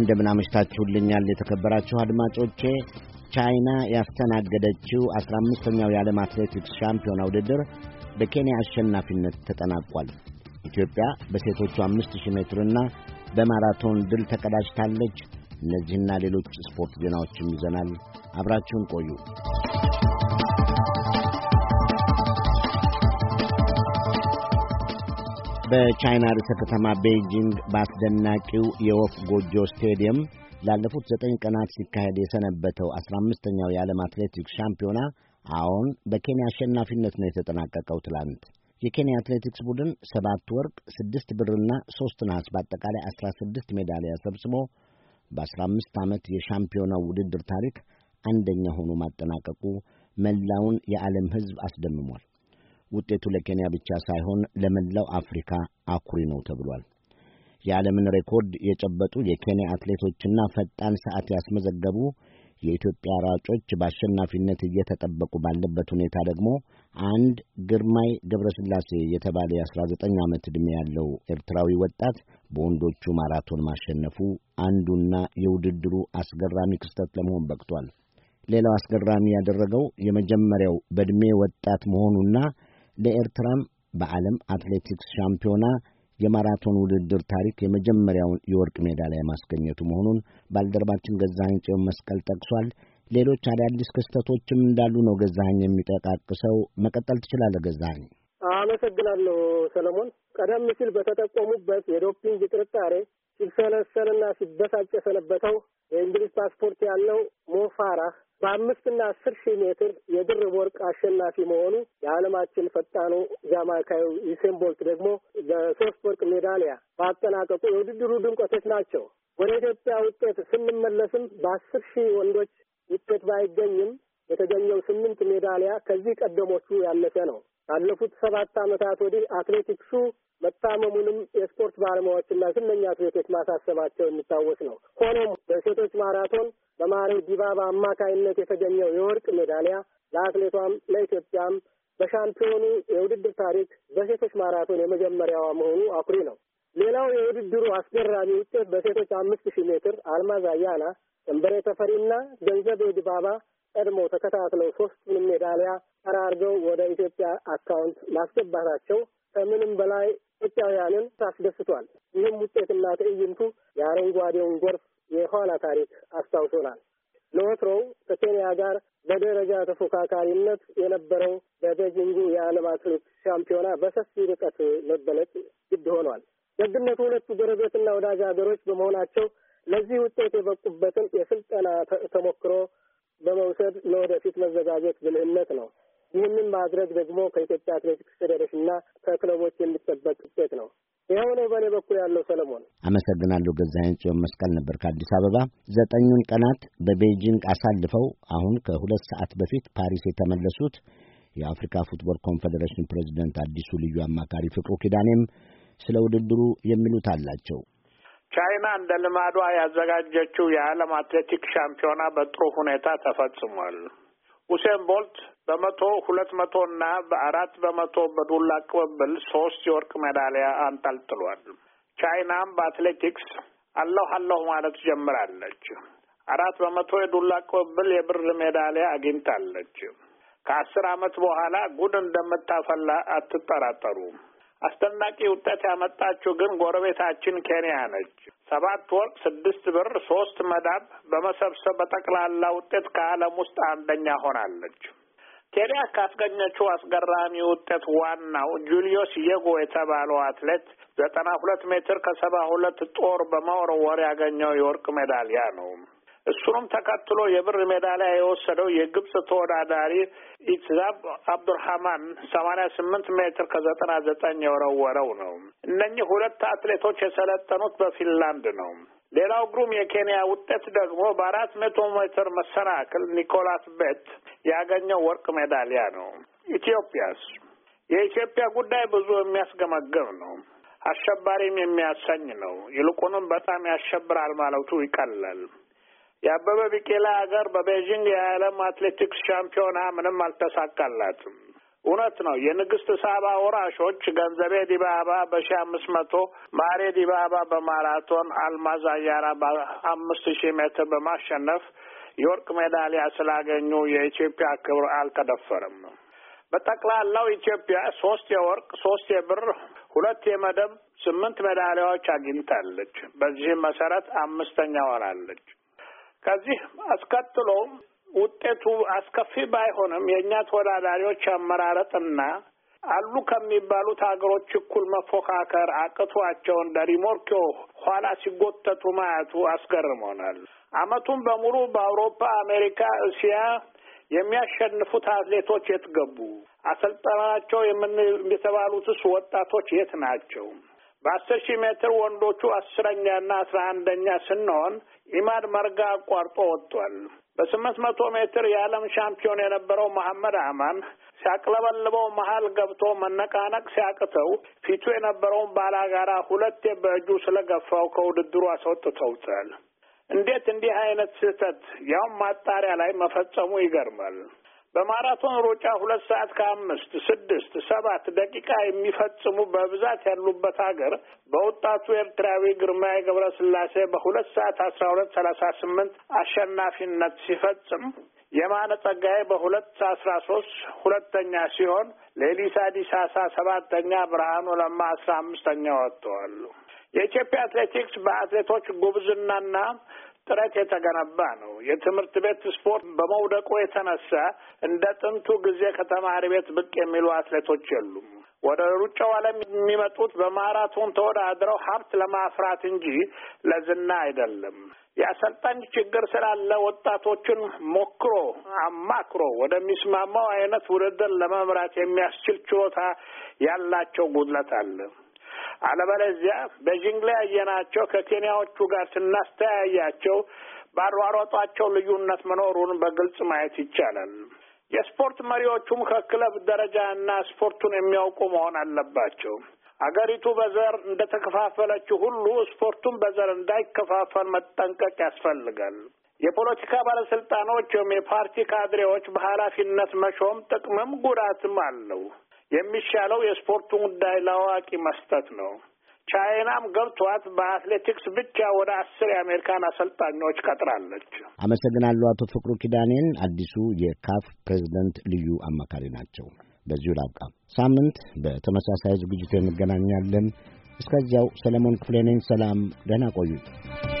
እንደምን አመሽታችሁልኛል የተከበራችሁ አድማጮቼ። ቻይና ያስተናገደችው አስራ አምስተኛው የዓለም አትሌቲክስ ሻምፒዮና ውድድር በኬንያ አሸናፊነት ተጠናቋል። ኢትዮጵያ በሴቶቹ አምስት ሺህ ሜትርና በማራቶን ድል ተቀዳጅታለች። እነዚህና ሌሎች ስፖርት ዜናዎችም ይዘናል። አብራችሁን ቆዩ። በቻይና ርዕሰ ከተማ ቤይጂንግ በአስደናቂው የወፍ ጎጆ ስቴዲየም ላለፉት ዘጠኝ ቀናት ሲካሄድ የሰነበተው አስራ አምስተኛው የዓለም አትሌቲክስ ሻምፒዮና አሁን በኬንያ አሸናፊነት ነው የተጠናቀቀው። ትላንት የኬንያ አትሌቲክስ ቡድን ሰባት ወርቅ፣ ስድስት ብርና ሦስት ነሐስ በአጠቃላይ አስራ ስድስት ሜዳሊያ ሰብስቦ በአስራ አምስት ዓመት የሻምፒዮናው ውድድር ታሪክ አንደኛ ሆኖ ማጠናቀቁ መላውን የዓለም ሕዝብ አስደምሟል። ውጤቱ ለኬንያ ብቻ ሳይሆን ለመላው አፍሪካ አኩሪ ነው ተብሏል። የዓለምን ሬኮርድ የጨበጡ የኬንያ አትሌቶችና ፈጣን ሰዓት ያስመዘገቡ የኢትዮጵያ ሯጮች በአሸናፊነት እየተጠበቁ ባለበት ሁኔታ ደግሞ አንድ ግርማይ ገብረስላሴ የተባለ የ19 ዓመት ዕድሜ ያለው ኤርትራዊ ወጣት በወንዶቹ ማራቶን ማሸነፉ አንዱና የውድድሩ አስገራሚ ክስተት ለመሆን በቅቷል። ሌላው አስገራሚ ያደረገው የመጀመሪያው በዕድሜ ወጣት መሆኑና ለኤርትራም በዓለም አትሌቲክስ ሻምፒዮና የማራቶን ውድድር ታሪክ የመጀመሪያውን የወርቅ ሜዳሊያ ማስገኘቱ መሆኑን ባልደረባችን ገዛኸኝ ጽዮን መስቀል ጠቅሷል። ሌሎች አዳዲስ ክስተቶችም እንዳሉ ነው ገዛኸኝ የሚጠቃቅሰው። መቀጠል ትችላለህ ገዛኸኝ። አመሰግናለሁ ሰለሞን። ቀደም ሲል በተጠቆሙበት የዶፒንግ ጥርጣሬ ሲብሰለሰልና ሲበሳጭ የሰነበተው የእንግሊዝ ፓስፖርት ያለው ሞፋራህ በአምስትና አስር ሺህ ሜትር የድርብ ወርቅ አሸናፊ መሆኑ የዓለማችን ፈጣኑ ጃማይካዊ ዩሴን ቦልት ደግሞ የሶስት ወርቅ ሜዳሊያ ማጠናቀቁ የውድድሩ ድምቀቶች ናቸው። ወደ ኢትዮጵያ ውጤት ስንመለስም በአስር ሺህ ወንዶች ውጤት ባይገኝም የተገኘው ስምንት ሜዳሊያ ከዚህ ቀደሞቹ ያለፈ ነው። ካለፉት ሰባት ዓመታት ወዲህ አትሌቲክሱ መታመሙንም የስፖርት ባለሙያዎችና ዝነኛ አትሌቶች ማሳሰባቸው የሚታወስ ነው። ሆኖም በሴቶች ማራቶን በማሪው ዲባባ አማካይነት የተገኘው የወርቅ ሜዳሊያ ለአትሌቷም ለኢትዮጵያም በሻምፒዮኑ የውድድር ታሪክ በሴቶች ማራቶን የመጀመሪያዋ መሆኑ አኩሪ ነው። ሌላው የውድድሩ አስገራሚ ውጤት በሴቶች አምስት ሺህ ሜትር አልማዝ አያና፣ ሰንበሬ ተፈሪና ገንዘቤ ዲባባ ቀድሞ ተከታትለው ሶስቱንም ሜዳሊያ ጠራርገው ወደ ኢትዮጵያ አካውንት ማስገባታቸው ከምንም በላይ ኢትዮጵያውያንን ታስደስቷል። ይህም ውጤትና ትዕይንቱ የአረንጓዴውን ጎርፍ የኋላ ታሪክ አስታውሶናል። ለወትሮው ከኬንያ ጋር በደረጃ ተፎካካሪነት የነበረው በቤጂንጉ የዓለም አትሌት ሻምፒዮና በሰፊ ርቀት መበለጥ ግድ ሆኗል። ደግነቱ ሁለቱ ጎረቤትና ወዳጅ ሀገሮች በመሆናቸው ለዚህ ውጤት የበቁበትን የስልጠና ተሞክሮ በመውሰድ ለወደፊት መዘጋጀት ብልህነት ነው። ይህንን ማድረግ ደግሞ ከኢትዮጵያ አትሌቲክስ ፌዴሬሽንና ከክለቦች የሚጠበቅ ውጤት ነው። ይኸው ነው በእኔ በኩል ያለው ሰለሞን። አመሰግናለሁ። ገዛኸኝ ጽዮን መስቀል ነበር ከአዲስ አበባ። ዘጠኙን ቀናት በቤይጂንግ አሳልፈው አሁን ከሁለት ሰዓት በፊት ፓሪስ የተመለሱት የአፍሪካ ፉትቦል ኮንፌዴሬሽን ፕሬዚደንት አዲሱ ልዩ አማካሪ ፍቅሩ ኪዳኔም ስለ ውድድሩ የሚሉት አላቸው። ቻይና እንደ ልማዷ ያዘጋጀችው የዓለም አትሌቲክ ሻምፒዮና በጥሩ ሁኔታ ተፈጽሟል። ሁሴን ቦልት በመቶ ሁለት መቶ እና በአራት በመቶ በዱላ ቅብብል ሶስት የወርቅ ሜዳሊያ አንጠልጥሏል። ቻይናም በአትሌቲክስ አለሁ አለሁ ማለት ጀምራለች። አራት በመቶ የዱላ ቅብብል የብር ሜዳሊያ አግኝታለች። ከአስር ዓመት በኋላ ጉድ እንደምታፈላ አትጠራጠሩ። አስደናቂ ውጤት ያመጣችው ግን ጎረቤታችን ኬንያ ነች። ሰባት ወርቅ፣ ስድስት ብር፣ ሶስት መዳብ በመሰብሰብ በጠቅላላ ውጤት ከዓለም ውስጥ አንደኛ ሆናለች። ኬንያ ካስገኘችው አስገራሚ ውጤት ዋናው ጁልዮስ የጎ የተባለው አትሌት ዘጠና ሁለት ሜትር ከሰባ ሁለት ጦር በመወርወር ያገኘው የወርቅ ሜዳሊያ ነው። እሱንም ተከትሎ የብር ሜዳሊያ የወሰደው የግብፅ ተወዳዳሪ ኢትዛብ አብዱርሃማን ሰማኒያ ስምንት ሜትር ከዘጠና ዘጠኝ የወረወረው ነው። እነኚህ ሁለት አትሌቶች የሰለጠኑት በፊንላንድ ነው። ሌላው ግሩም የኬንያ ውጤት ደግሞ በአራት መቶ ሜትር መሰናክል ኒኮላስ ቤት ያገኘው ወርቅ ሜዳሊያ ነው። ኢትዮጵያስ? የኢትዮጵያ ጉዳይ ብዙ የሚያስገመግም ነው። አሸባሪም የሚያሰኝ ነው። ይልቁንም በጣም ያሸብራል ማለቱ ይቀላል። የአበበ ቢቂላ ሀገር በቤይጂንግ የዓለም አትሌቲክስ ሻምፒዮና ምንም አልተሳካላትም። እውነት ነው። የንግስት ሳባ ወራሾች ገንዘቤ ዲባባ በሺ አምስት መቶ ማሬ ዲባባ በማራቶን አልማዝ አያራ በአምስት ሺህ ሜትር በማሸነፍ የወርቅ ሜዳሊያ ስላገኙ የኢትዮጵያ ክብር አልተደፈረም። በጠቅላላው ኢትዮጵያ ሶስት የወርቅ፣ ሶስት የብር፣ ሁለት የመደብ፣ ስምንት ሜዳሊያዎች አግኝታለች። በዚህም መሰረት አምስተኛ ወራለች። ከዚህ አስከትሎም ውጤቱ አስከፊ ባይሆንም የእኛ ተወዳዳሪዎች አመራረጥና አሉ ከሚባሉት ሀገሮች እኩል መፎካከር አቅቷቸው እንደ ሪሞርኪዮ ኋላ ሲጎተቱ ማየቱ አስገርሞናል። አመቱን በሙሉ በአውሮፓ፣ አሜሪካ፣ እስያ የሚያሸንፉት አትሌቶች የት ገቡ? አሰልጠናቸው የተባሉትስ ወጣቶች የት ናቸው? በአስር ሺህ ሜትር ወንዶቹ አስረኛና አስራ አንደኛ ስንሆን ኢማድ መርጋ አቋርጦ ወጥቷል። በስምንት መቶ ሜትር የዓለም ሻምፒዮን የነበረው መሐመድ አማን ሲያቅለበልበው መሀል ገብቶ መነቃነቅ ሲያቅተው ፊቱ የነበረውን ባላጋራ ሁለቴ በእጁ ስለገፋው ከውድድሩ አስወጥተውታል። እንዴት እንዲህ አይነት ስህተት ያውም ማጣሪያ ላይ መፈጸሙ ይገርማል። በማራቶን ሩጫ ሁለት ሰዓት ከአምስት ስድስት ሰባት ደቂቃ የሚፈጽሙ በብዛት ያሉበት ሀገር በወጣቱ ኤርትራዊ ግርማዊ ገብረ ስላሴ በሁለት ሰዓት አስራ ሁለት ሰላሳ ስምንት አሸናፊነት ሲፈጽም የማነ ጸጋዬ በሁለት አስራ ሶስት ሁለተኛ ሲሆን ሌሊሳ ዲሳሳ ሰባተኛ፣ ብርሃኑ ለማ አስራ አምስተኛ ወጥተዋል። የኢትዮጵያ አትሌቲክስ በአትሌቶች ጉብዝናና ጥረት የተገነባ ነው። የትምህርት ቤት ስፖርት በመውደቁ የተነሳ እንደ ጥንቱ ጊዜ ከተማሪ ቤት ብቅ የሚሉ አትሌቶች የሉም። ወደ ሩጫው ዓለም የሚመጡት በማራቶን ተወዳድረው ሀብት ለማፍራት እንጂ ለዝና አይደለም። የአሰልጣኝ ችግር ስላለ ወጣቶችን ሞክሮ አማክሮ ወደሚስማማው አይነት ውድድር ለመምራት የሚያስችል ችሎታ ያላቸው ጉድለት አለ። አለበለዚያ በጂንግ ያየናቸው ከኬንያዎቹ ጋር ስናስተያያቸው ባሯሯጧቸው ልዩነት መኖሩን በግልጽ ማየት ይቻላል። የስፖርት መሪዎቹም ከክለብ ደረጃ እና ስፖርቱን የሚያውቁ መሆን አለባቸው። አገሪቱ በዘር እንደተከፋፈለችው ሁሉ ስፖርቱን በዘር እንዳይከፋፈል መጠንቀቅ ያስፈልጋል። የፖለቲካ ባለስልጣኖች ወይም የፓርቲ ካድሬዎች በኃላፊነት መሾም ጥቅምም ጉዳትም አለው። የሚሻለው የስፖርቱ ጉዳይ ለአዋቂ መስጠት ነው። ቻይናም ገብቷት በአትሌቲክስ ብቻ ወደ አስር የአሜሪካን አሰልጣኞች ቀጥራለች። አመሰግናለሁ። አቶ ፍቅሩ ኪዳኔን አዲሱ የካፍ ፕሬዚደንት ልዩ አማካሪ ናቸው። በዚሁ ላብቃ። ሳምንት በተመሳሳይ ዝግጅት እንገናኛለን። እስከዚያው ሰለሞን ክፍሌ ነኝ። ሰላም፣ ደህና ቆዩት።